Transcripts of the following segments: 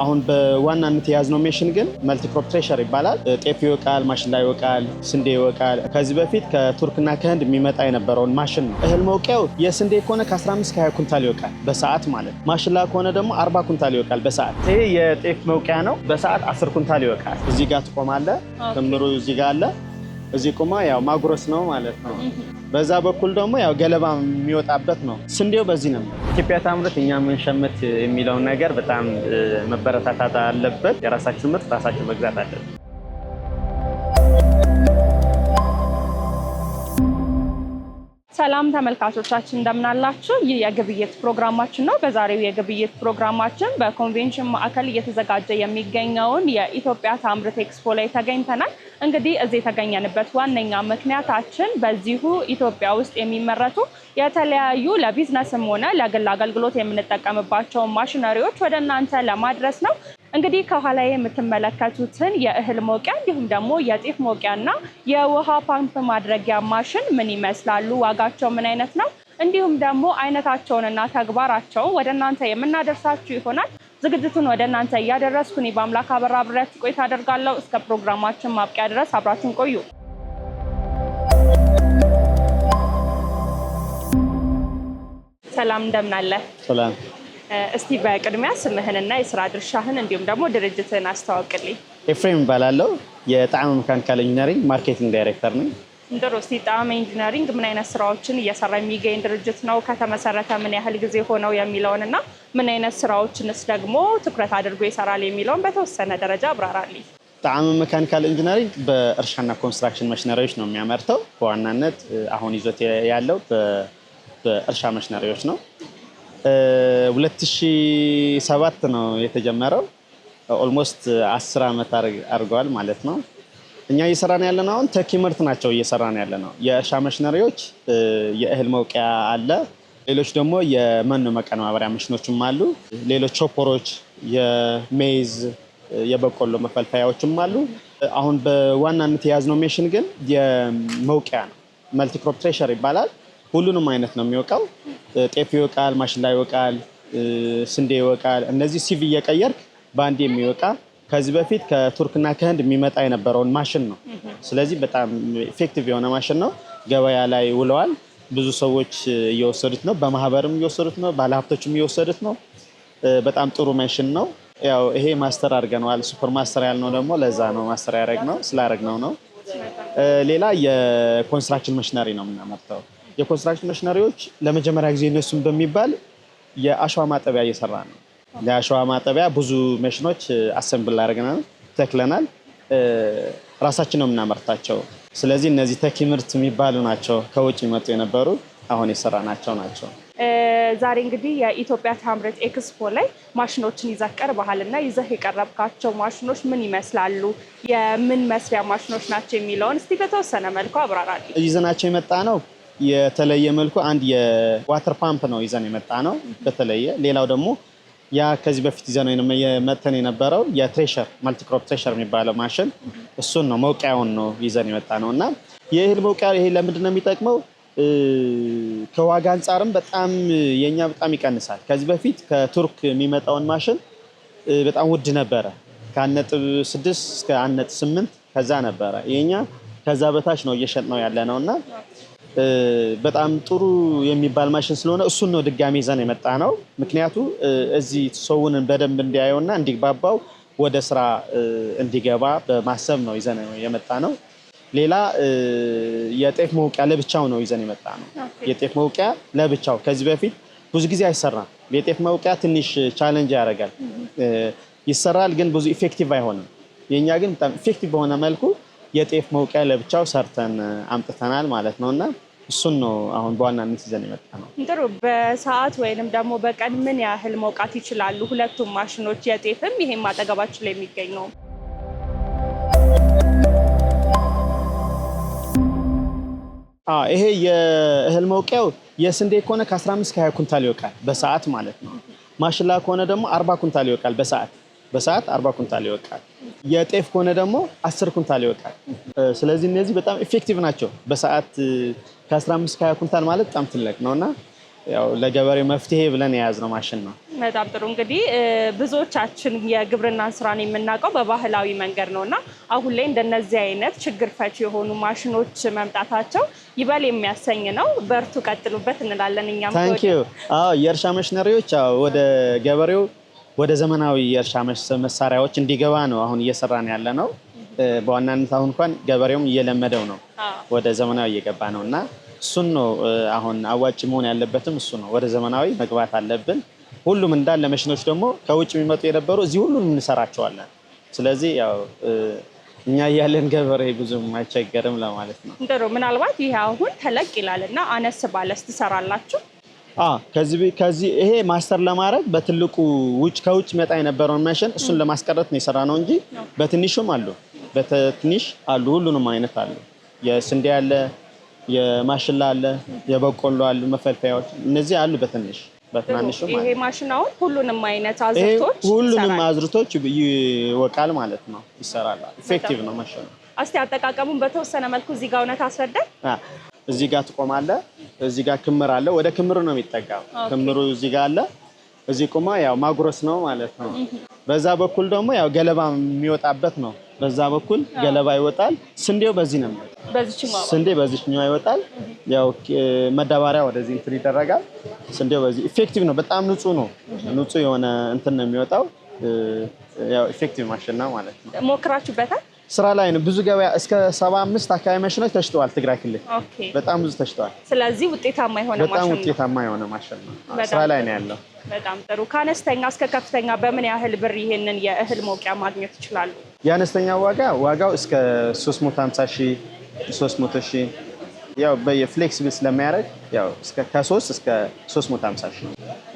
አሁን በዋናነት የያዝነው ሜሽን ግን መልቲክሮፕ ትሬሸር ይባላል። ጤፍ ይወቃል፣ ማሽላ ይወቃል፣ ስንዴ ይወቃል። ከዚህ በፊት ከቱርክና ከህንድ የሚመጣ የነበረውን ማሽን ነው። እህል መውቂያው የስንዴ ከሆነ ከ15 20 ኩንታል ይወቃል በሰዓት ማለት ነው። ማሽላ ከሆነ ደግሞ 40 ኩንታል ይወቃል በሰዓት። ይሄ የጤፍ መውቂያ ነው። በሰዓት 10 ኩንታል ይወቃል። እዚህ ጋር ትቆማለ። ክምሩ እዚህ ጋር አለ። እዚህ ቁማ ያው ማጉረስ ነው ማለት ነው። በዛ በኩል ደግሞ ያው ገለባ የሚወጣበት ነው። ስንዴው በዚህ ነው። ኢትዮጵያ ታምርት እኛ የምንሸምት የሚለውን ነገር በጣም መበረታታት አለበት። የራሳችን ምርት ራሳችን መግዛት አለበት። ሰላም ተመልካቾቻችን እንደምናላችሁ። ይህ የግብይት ፕሮግራማችን ነው። በዛሬው የግብይት ፕሮግራማችን በኮንቬንሽን ማዕከል እየተዘጋጀ የሚገኘውን የኢትዮጵያ ታምርት ኤክስፖ ላይ ተገኝተናል። እንግዲህ እዚህ የተገኘንበት ዋነኛ ምክንያታችን በዚሁ ኢትዮጵያ ውስጥ የሚመረቱ የተለያዩ ለቢዝነስም ሆነ ለግል አገልግሎት የምንጠቀምባቸውን ማሽነሪዎች ወደ እናንተ ለማድረስ ነው። እንግዲህ ከኋላ የምትመለከቱትን የእህል መውቂያ እንዲሁም ደግሞ የጤፍ መውቂያና የውሃ ፓምፕ ማድረጊያ ማሽን ምን ይመስላሉ? ዋጋቸው ምን አይነት ነው? እንዲሁም ደግሞ አይነታቸውንና ተግባራቸውን ወደ እናንተ የምናደርሳችሁ ይሆናል። ዝግጅቱን ወደ እናንተ እያደረስኩ እኔ በአምላክ አበራ አብሬያችሁ ቆይታ አደርጋለሁ። እስከ ፕሮግራማችን ማብቂያ ድረስ አብራችን ቆዩ። ሰላም፣ እንደምን አለ? ሰላም እስቲ በቅድሚያ ስምህንና የስራ ድርሻህን እንዲሁም ደግሞ ድርጅትን አስተዋውቅልኝ። ኤፍሬም እባላለሁ። የጣዕም መካኒካል ኢንጂነሪንግ ማርኬቲንግ ዳይሬክተር ነኝ። ጥሩ። እስቲ ጣዕመ ኢንጂነሪንግ ምን አይነት ስራዎችን እየሰራ የሚገኝ ድርጅት ነው? ከተመሰረተ ምን ያህል ጊዜ ሆነው የሚለውን እና ምን አይነት ስራዎችንስ ደግሞ ትኩረት አድርጎ ይሰራል የሚለውን በተወሰነ ደረጃ አብራራልኝ። ጣዕም መካኒካል ኢንጂነሪንግ በእርሻና ኮንስትራክሽን መሽነሪዎች ነው የሚያመርተው። በዋናነት አሁን ይዞት ያለው በእርሻ መሽነሪዎች ነው። 2007 ነው የተጀመረው። ኦልሞስት 10 ዓመት አድርገዋል ማለት ነው። እኛ እየሰራን ያለነው አሁን ተኪ ምርት ናቸው እየሰራን ያለነው። የእርሻ መሽነሪዎች የእህል መውቂያ አለ። ሌሎች ደግሞ የመኖ መቀነባበሪያ መሽኖችም አሉ። ሌሎች ቾፖሮች፣ የሜይዝ የበቆሎ መፈልፈያዎችም አሉ። አሁን በዋናነት የያዝነው ሜሽን ግን የመውቂያ ነው። መልቲክሮፕ ትሬሸር ይባላል። ሁሉንም አይነት ነው የሚወቃው። ጤፍ ይወቃል፣ ማሽላ ይወቃል፣ ስንዴ ይወቃል። እነዚህ ሲቪ እየቀየርክ በአንድ የሚወቃ ከዚህ በፊት ከቱርክና ከህንድ የሚመጣ የነበረውን ማሽን ነው። ስለዚህ በጣም ኢፌክቲቭ የሆነ ማሽን ነው። ገበያ ላይ ውለዋል። ብዙ ሰዎች እየወሰዱት ነው። በማህበርም እየወሰዱት ነው። ባለሀብቶችም እየወሰዱት ነው። በጣም ጥሩ ማሽን ነው። ያው ይሄ ማስተር አድርገነዋል። ሱፐር ማስተር ያልነው ደግሞ ለዛ ነው። ማስተር ያደረግነው ስላደረግነው ነው። ሌላ የኮንስትራክሽን መሽነሪ ነው የምናመርተው። የኮንስትራክሽን መሽነሪዎች ለመጀመሪያ ጊዜ እነሱም በሚባል የአሸዋ ማጠቢያ እየሰራ ነው። ለአሸዋ ማጠቢያ ብዙ መሽኖች አሰምብል አድርገናል፣ ተክለናል። ራሳችን ነው የምናመርታቸው። ስለዚህ እነዚህ ተኪ ምርት የሚባሉ ናቸው። ከውጭ ይመጡ የነበሩ አሁን የሰራ ናቸው ናቸው። ዛሬ እንግዲህ የኢትዮጵያ ታምርት ኤክስፖ ላይ ማሽኖችን ይዘህ ቀርበሃል እና ይዘህ የቀረብካቸው ማሽኖች ምን ይመስላሉ? የምን መስሪያ ማሽኖች ናቸው የሚለውን እስቲ በተወሰነ መልኩ አብራራል። ይዘናቸው የመጣ ነው የተለየ መልኩ አንድ የዋተር ፓምፕ ነው ይዘን የመጣ ነው በተለየ። ሌላው ደግሞ ያ ከዚህ በፊት ይዘን መተን የነበረው የትሬሸር ማልቲክሮፕ ትሬሸር የሚባለው ማሽን እሱን ነው መውቂያውን ነው ይዘን የመጣ ነው እና የእህል መውቂያ ይሄ ለምንድን ነው የሚጠቅመው? ከዋጋ አንጻርም በጣም የኛ በጣም ይቀንሳል። ከዚህ በፊት ከቱርክ የሚመጣውን ማሽን በጣም ውድ ነበረ። ከአንድ ነጥብ ስድስት እስከ አንድ ነጥብ ስምንት ከዛ ነበረ። ይሄኛ ከዛ በታች ነው እየሸጥ ነው ያለ ነው እና በጣም ጥሩ የሚባል ማሽን ስለሆነ እሱን ነው ድጋሚ ይዘን የመጣ ነው። ምክንያቱ እዚህ ሰውን በደንብ እንዲያየውና እንዲግባባው ወደ ስራ እንዲገባ በማሰብ ነው ይዘን የመጣ ነው። ሌላ የጤፍ መውቂያ ለብቻው ነው ይዘን የመጣ ነው። የጤፍ መውቂያ ለብቻው ከዚህ በፊት ብዙ ጊዜ አይሰራም። የጤፍ መውቂያ ትንሽ ቻለንጅ ያደርጋል። ይሰራል ግን ብዙ ኢፌክቲቭ አይሆንም። የእኛ ግን በጣም ኢፌክቲቭ በሆነ መልኩ የጤፍ መውቂያ ለብቻው ሰርተን አምጥተናል ማለት ነው እና እሱን ነው አሁን በዋናነት ይዘን የመጣ ነው። ጥሩ። በሰዓት ወይንም ደግሞ በቀን ምን ያህል መውቃት ይችላሉ ሁለቱም ማሽኖች የጤፍም ይሄም አጠገባችን ላይ የሚገኝ ነው? ይሄ የእህል መውቂያው የስንዴ ከሆነ ከ15 እስከ 20 ኩንታል ይወቃል በሰዓት ማለት ነው። ማሽላ ከሆነ ደግሞ 40 ኩንታል ይወቃል በሰዓት በሰዓት 40 ኩንታል ይወቃል። የጤፍ ከሆነ ደግሞ አስር ኩንታል ይወጣል። ስለዚህ እነዚህ በጣም ኢፌክቲቭ ናቸው። በሰዓት ከ15 20 ኩንታል ማለት በጣም ትልቅ ነው እና ያው ለገበሬው መፍትሄ ብለን የያዝነው ማሽን ነው። በጣም ጥሩ እንግዲህ ብዙዎቻችን የግብርና ስራን የምናውቀው በባህላዊ መንገድ ነው እና አሁን ላይ እንደነዚህ አይነት ችግር ፈች የሆኑ ማሽኖች መምጣታቸው ይበል የሚያሰኝ ነው። በርቱ፣ ቀጥሉበት እንላለን እኛም። ታንኪዩ። የእርሻ መሽነሪዎች ወደ ገበሬው ወደ ዘመናዊ የእርሻ መሳሪያዎች እንዲገባ ነው አሁን እየሰራን ያለ ነው። በዋናነት አሁን እንኳን ገበሬውም እየለመደው ነው፣ ወደ ዘመናዊ እየገባ ነው እና እሱን ነው አሁን አዋጭ መሆን ያለበትም እሱ ነው። ወደ ዘመናዊ መግባት አለብን። ሁሉም እንዳለ መሽኖች ደግሞ ከውጭ የሚመጡ የነበሩ እዚህ ሁሉንም እንሰራቸዋለን። ስለዚህ ያው እኛ እያለን ገበሬ ብዙም አይቸገርም ለማለት ነው። ጥሩ ምናልባት ይሄ አሁን ተለቅ ይላል እና አነስ ባለስ ትሰራላችሁ ከዚህ ይሄ ማስተር ለማድረግ በትልቁ ውጭ ከውጭ መጣ የነበረውን መሽን እሱን ለማስቀረት ነው የሰራ ነው እንጂ በትንሹም አሉ፣ በትንሽ አሉ፣ ሁሉንም አይነት አሉ። የስንዴ አለ፣ የማሽላ አለ፣ የበቆሎ አሉ፣ መፈልፈያዎች እነዚህ አሉ በትንሽ በትናንሹ ይሄ ሁሉንም አይነት አዝርቶች ሁሉንም አዝርቶች ይወቃል ማለት ነው፣ ይሰራል። ኢፌክቲቭ ነው ማሽኑ። እስቲ አጠቃቀሙን በተወሰነ መልኩ እዚህ ጋር እውነት አስረዳኝ። እዚህ ጋር ትቆማለህ እዚህ ጋር ክምር አለ። ወደ ክምሩ ነው የሚጠጋው። ክምሩ እዚህ ጋር አለ። እዚህ ቁማ ያው ማጉረስ ነው ማለት ነው። በዛ በኩል ደግሞ ያው ገለባ የሚወጣበት ነው። በዛ በኩል ገለባ ይወጣል። ስንዴው በዚህ ነው የሚወጣው። ስንዴ በዚህኛው ይወጣል። ያው መዳበሪያ ወደዚህ እንትን ይደረጋል። ስንዴው በዚህ ኢፌክቲቭ ነው። በጣም ንጹህ ነው። ንጹህ የሆነ እንትን ነው የሚወጣው። ያው ኢፌክቲቭ ማሽን ነው ማለት ነው። ሞክራችሁበታል? ስራ ላይ ነው። ብዙ ገበያ እስከ 75 አካባቢ ማሽኖች ተሽተዋል። ትግራይ ክልል በጣም ብዙ ተሽተዋል። ስለዚህ ውጤታማ የሆነ ማሽን በጣም ውጤታማ የሆነ ማሽን ነው። ስራ ላይ ነው ያለው። በጣም ጥሩ። ከአነስተኛ እስከ ከፍተኛ በምን ያህል ብር ይሄንን የእህል መውቂያ ማግኘት ይችላሉ? የአነስተኛ ዋጋ ዋጋው እስከ 350 ሺህ 300 ሺህ ያው በየፍሌክስብል ስለሚያደርግ ያው እስከ ከ3 እስከ 350 ሺህ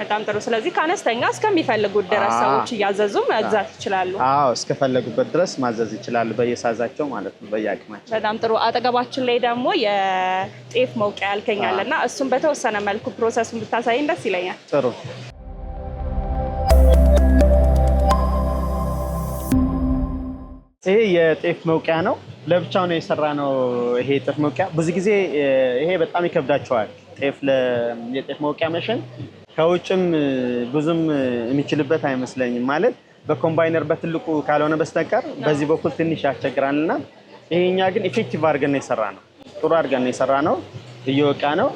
በጣም ጥሩ። ስለዚህ ከአነስተኛ እስከሚፈልጉት ድረስ ሰዎች እያዘዙ መግዛት ይችላሉ። አዎ እስከፈለጉበት ድረስ ማዘዝ ይችላሉ፣ በየሳዛቸው ማለት ነው፣ በየአቅማቸው። በጣም ጥሩ። አጠገባችን ላይ ደግሞ የጤፍ መውቂያ ያልከኛል እና እሱም በተወሰነ መልኩ ፕሮሰሱን ብታሳይን ደስ ይለኛል። ጥሩ ይሄ የጤፍ መውቂያ ነው። ለብቻው ነው የሰራ ነው። ይሄ የጤፍ መውቂያ ብዙ ጊዜ ይሄ በጣም ይከብዳቸዋል። ጤፍ የጤፍ መውቂያ መሽን ከውጭም ብዙም የሚችልበት አይመስለኝም። ማለት በኮምባይነር በትልቁ ካልሆነ በስተቀር በዚህ በኩል ትንሽ ያስቸግራል እና ይሄኛ ግን ኢፌክቲቭ አድርገን ነው የሰራ ነው። ጥሩ አድርገን ነው የሰራ ነው። እየወቃ ነው።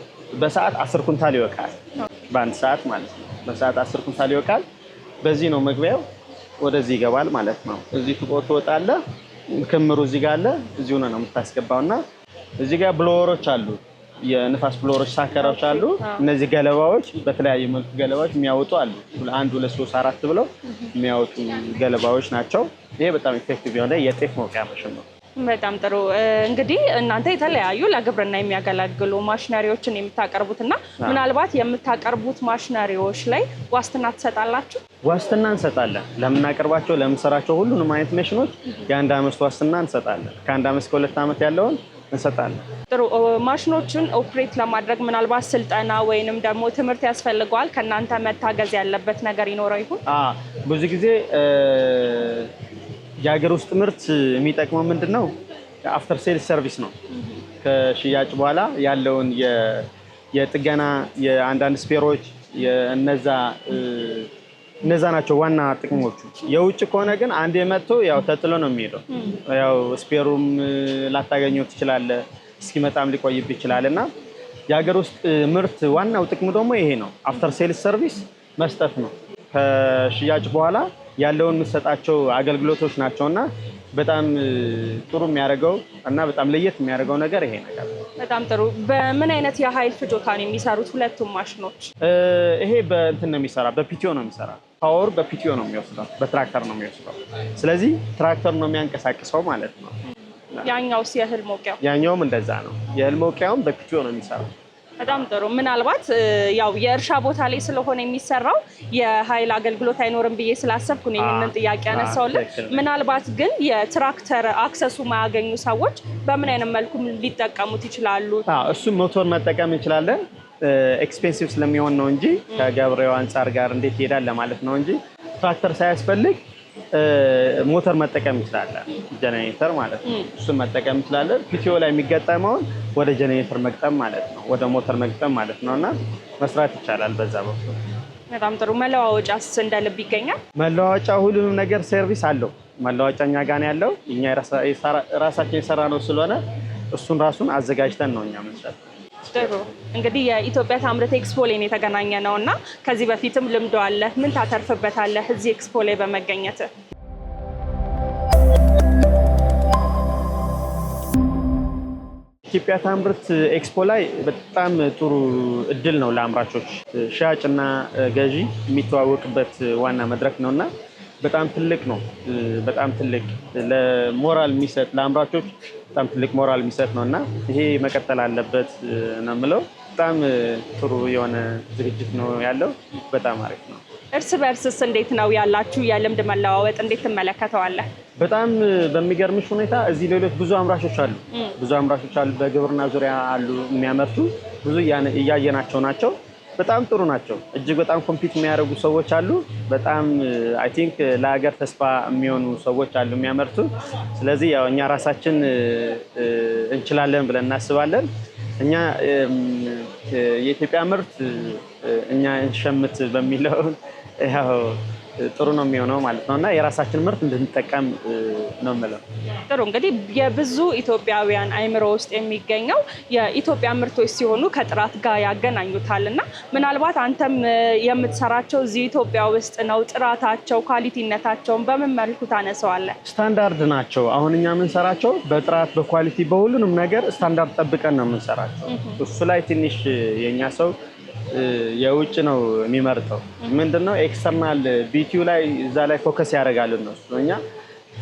በሰዓት አስር ኩንታል ይወቃል። በአንድ ሰዓት ማለት ነው። በሰዓት አስር ኩንታል ይወቃል። በዚህ ነው መግቢያው፣ ወደዚህ ይገባል ማለት ነው። እዚህ ፍቆ ትወጣለህ ክምሩ እዚህ ጋር አለ። እዚሁ ነው የምታስገባው እና እዚህ ጋር ብሎወሮች አሉ፣ የንፋስ ብሎወሮች ሳከራዎች አሉ። እነዚህ ገለባዎች በተለያየ መልኩ ገለባዎች የሚያወጡ አሉ። አንድ ሁለት ሶስት አራት ብለው የሚያወጡ ገለባዎች ናቸው። ይሄ በጣም ኢፌክቲቭ የሆነ የጤፍ መውቂያ ማሽን ነው። በጣም ጥሩ እንግዲህ እናንተ የተለያዩ ለግብርና የሚያገለግሉ ማሽነሪዎችን የምታቀርቡት እና ምናልባት የምታቀርቡት ማሽነሪዎች ላይ ዋስትና ትሰጣላችሁ? ዋስትና እንሰጣለን። ለምናቀርባቸው ለምንሰራቸው ሁሉንም አይነት መሽኖች የአንድ አመት ዋስትና እንሰጣለን። ከአንድ አመት እስከ ሁለት ዓመት ያለውን እንሰጣለን። ጥሩ ማሽኖችን ኦፕሬት ለማድረግ ምናልባት ስልጠና ወይንም ደግሞ ትምህርት ያስፈልገዋል። ከእናንተ መታገዝ ያለበት ነገር ይኖረው ይሁን ብዙ ጊዜ የሀገር ውስጥ ምርት የሚጠቅመው ምንድን ነው? አፍተር ሴል ሰርቪስ ነው። ከሽያጭ በኋላ ያለውን የጥገና የአንዳንድ ስፔሮች እነዛ እነዛ ናቸው ዋና ጥቅሞቹ። የውጭ ከሆነ ግን አንድ የመጥቶ ያው ተጥሎ ነው የሚሄደው። ያው ስፔሩም ላታገኘው ትችላለ፣ እስኪመጣም ሊቆይብ ይችላል። እና የሀገር ውስጥ ምርት ዋናው ጥቅሙ ደግሞ ይሄ ነው፣ አፍተር ሴልስ ሰርቪስ መስጠት ነው ከሽያጭ በኋላ ያለውን የምትሰጣቸው አገልግሎቶች ናቸው እና በጣም ጥሩ የሚያደርገው እና በጣም ለየት የሚያደርገው ነገር ይሄ ነገር። በጣም ጥሩ። በምን አይነት የሀይል ፍጆታ ነው የሚሰሩት ሁለቱም ማሽኖች? ይሄ በእንትን ነው የሚሰራ፣ በፒቲዮ ነው የሚሰራ። ፓወር በፒቲዮ ነው የሚወስደው፣ በትራክተር ነው የሚወስደው። ስለዚህ ትራክተር ነው የሚያንቀሳቅሰው ማለት ነው። ያኛውስ የእህል መውቂያው? ያኛውም እንደዛ ነው። የእህል መውቂያውም በፒቲዮ ነው የሚሰራው። በጣም ጥሩ። ምናልባት ያው የእርሻ ቦታ ላይ ስለሆነ የሚሰራው የኃይል አገልግሎት አይኖርም ብዬ ስላሰብኩ ነው ይህንን ጥያቄ ያነሳውልን። ምናልባት ግን የትራክተር አክሰሱ ማያገኙ ሰዎች በምን አይነት መልኩ ሊጠቀሙት ይችላሉ? እሱም ሞቶር መጠቀም እንችላለን። ኤክስፔንሲቭ ስለሚሆን ነው እንጂ ከገበሬው አንጻር ጋር እንዴት ይሄዳል ለማለት ነው እንጂ ትራክተር ሳያስፈልግ ሞተር መጠቀም እንችላለን። ጀኔሬተር ማለት ነው። እሱን መጠቀም እንችላለን። ፒቲዮ ላይ የሚገጠመውን ወደ ጀኔሬተር መግጠም ማለት ነው፣ ወደ ሞተር መግጠም ማለት ነው እና መስራት ይቻላል በዛ በኩል። በጣም ጥሩ። መለዋወጫስ እንደ ይገኛል? መለዋወጫ ሁሉንም ነገር ሰርቪስ አለው። መለዋወጫ እኛ ያለው። እኛ ራሳችን የሰራ ነው ስለሆነ እሱን ራሱን አዘጋጅተን ነው እኛ መስራት ጥሩ እንግዲህ የኢትዮጵያ ታምርት ኤክስፖ ላይ የተገናኘ ነው እና ከዚህ በፊትም ልምዶ አለ። ምን ታተርፍበታለህ እዚህ ኤክስፖ ላይ በመገኘት? ኢትዮጵያ ታምርት ኤክስፖ ላይ በጣም ጥሩ እድል ነው ለአምራቾች። ሻጭና ገዢ የሚተዋወቅበት ዋና መድረክ ነው እና በጣም ትልቅ ነው። በጣም ትልቅ ለሞራል የሚሰጥ ለአምራቾች በጣም ትልቅ ሞራል የሚሰጥ ነው እና ይሄ መቀጠል አለበት ነው የምለው። በጣም ጥሩ የሆነ ዝግጅት ነው ያለው። በጣም አሪፍ ነው። እርስ በእርስስ እንዴት ነው ያላችሁ የልምድ መለዋወጥ እንዴት ትመለከተዋለህ? በጣም በሚገርምሽ ሁኔታ እዚህ ሌሎች ብዙ አምራቾች አሉ፣ ብዙ አምራቾች አሉ፣ በግብርና ዙሪያ አሉ የሚያመርቱ ብዙ እያየናቸው ናቸው በጣም ጥሩ ናቸው። እጅግ በጣም ኮምፒት የሚያደርጉ ሰዎች አሉ። በጣም አይ ቲንክ ለሀገር ተስፋ የሚሆኑ ሰዎች አሉ የሚያመርቱ። ስለዚህ ያው እኛ ራሳችን እንችላለን ብለን እናስባለን። እኛ የኢትዮጵያ ምርት እኛ እንሸምት በሚለው ያው ጥሩ ነው የሚሆነው ማለት ነው እና የራሳችን ምርት እንድንጠቀም ነው የምለው። ጥሩ እንግዲህ የብዙ ኢትዮጵያውያን አይምሮ ውስጥ የሚገኘው የኢትዮጵያ ምርቶች ሲሆኑ ከጥራት ጋር ያገናኙታል እና ምናልባት አንተም የምትሰራቸው እዚህ ኢትዮጵያ ውስጥ ነው። ጥራታቸው ኳሊቲነታቸውን በምን መልኩ ታነሰዋለህ? ስታንዳርድ ናቸው። አሁን እኛ የምንሰራቸው በጥራት በኳሊቲ በሁሉንም ነገር ስታንዳርድ ጠብቀን ነው የምንሰራቸው። እሱ ላይ ትንሽ የኛ ሰው የውጭ ነው የሚመርጠው። ምንድነው ኤክስተርናል ቢቲዩ ላይ እዛ ላይ ፎከስ ያደርጋል እነሱ። እኛ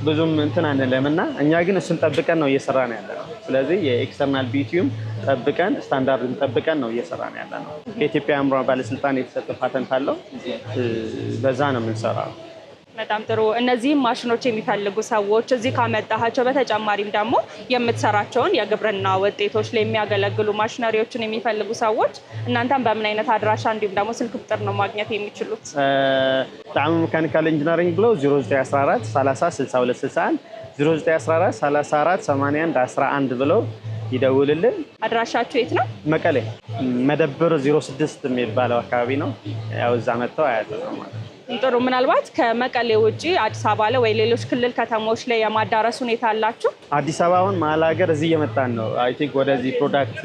ብዙም እንትን አንለም እና እኛ ግን እሱን ጠብቀን ነው እየሰራ ነው ያለ ነው። ስለዚህ የኤክስተርናል ቢቲዩም ጠብቀን ስታንዳርዱን ጠብቀን ነው እየሰራ ነው ያለ ነው። ከኢትዮጵያ አእምሮ ባለስልጣን የተሰጠ ፓተንት አለው። በዛ ነው የምንሰራው። በጣም ጥሩ። እነዚህም ማሽኖች የሚፈልጉ ሰዎች እዚህ ካመጣሃቸው በተጨማሪም ደግሞ የምትሰራቸውን የግብርና ውጤቶች ለሚያገለግሉ ማሽነሪዎችን የሚፈልጉ ሰዎች እናንተም በምን አይነት አድራሻ እንዲሁም ደግሞ ስልክ ቁጥር ነው ማግኘት የሚችሉት? ጣዕሙ መካኒካል ኢንጂነሪንግ ብሎ 0914 30 62 61 0914 34 81 11 ብለው ይደውልልን። አድራሻችሁ የት ነው? መቀሌ መደብር 06 የሚባለው አካባቢ ነው። ያው እዛ መጥተው አያዘ ነው ማለት ነው። ጥሩ ምናልባት ከመቀሌ ውጭ አዲስ አበባ ላይ ወይ ሌሎች ክልል ከተሞች ላይ የማዳረስ ሁኔታ አላችሁ? አዲስ አበባ አሁን መሀል ሀገር እዚህ እየመጣን ነው። አይ ቲንክ ወደዚህ ፕሮዳክት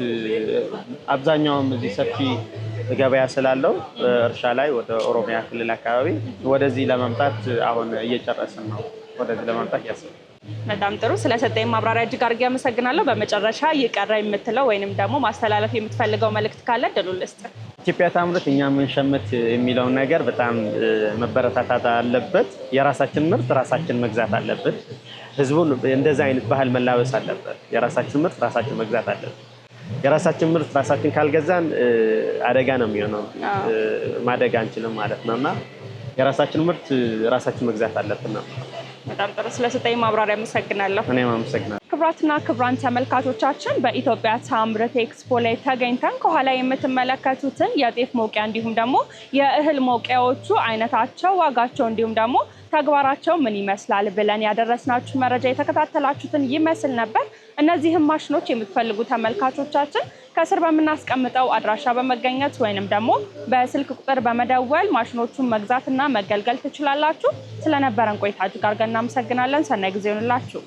አብዛኛውም እዚህ ሰፊ ገበያ ስላለው እርሻ ላይ ወደ ኦሮሚያ ክልል አካባቢ ወደዚህ ለመምጣት አሁን እየጨረስን ነው። ወደዚህ ለመምጣት ያስባል። በጣም ጥሩ። ስለሰጠኝ ማብራሪያ እጅግ አድርጌ አመሰግናለሁ። በመጨረሻ እየቀረ የምትለው ወይንም ደግሞ ማስተላለፍ የምትፈልገው መልእክት ካለ ድሉ ልስጥ ኢትዮጵያ ታምርት እኛ የምንሸምት የሚለው ነገር በጣም መበረታታት አለበት። የራሳችን ምርት ራሳችን መግዛት አለበት። ህዝቡን እንደዛ አይነት ባህል መላበስ አለበት። የራሳችን ምርት ራሳችን መግዛት አለበት። የራሳችን ምርት ራሳችን ካልገዛን አደጋ ነው የሚሆነው፣ ማደግ አንችልም ማለት ነው እና የራሳችን ምርት ራሳችን መግዛት አለብን ነው በጣም ጥሩ ስለሰጠኝ ማብራሪያ አመሰግናለሁ። እኔም አመሰግናለሁ። ክብራትና ክብራን ተመልካቾቻችን በኢትዮጵያ ታምርት ኤክስፖ ላይ ተገኝተን ከኋላ የምትመለከቱትን የጤፍ መውቂያ እንዲሁም ደግሞ የእህል መውቂያዎቹ አይነታቸው፣ ዋጋቸው እንዲሁም ደግሞ ተግባራቸው ምን ይመስላል ብለን ያደረስናችሁ መረጃ የተከታተላችሁትን ይመስል ነበር። እነዚህም ማሽኖች የምትፈልጉ ተመልካቾቻችን ከስር በምናስቀምጠው አድራሻ በመገኘት ወይንም ደግሞ በስልክ ቁጥር በመደወል ማሽኖቹን መግዛትና መገልገል ትችላላችሁ። ስለነበረን ቆይታ እጅግ አድርገን እናመሰግናለን። ሰናይ ጊዜ ይሆንላችሁ።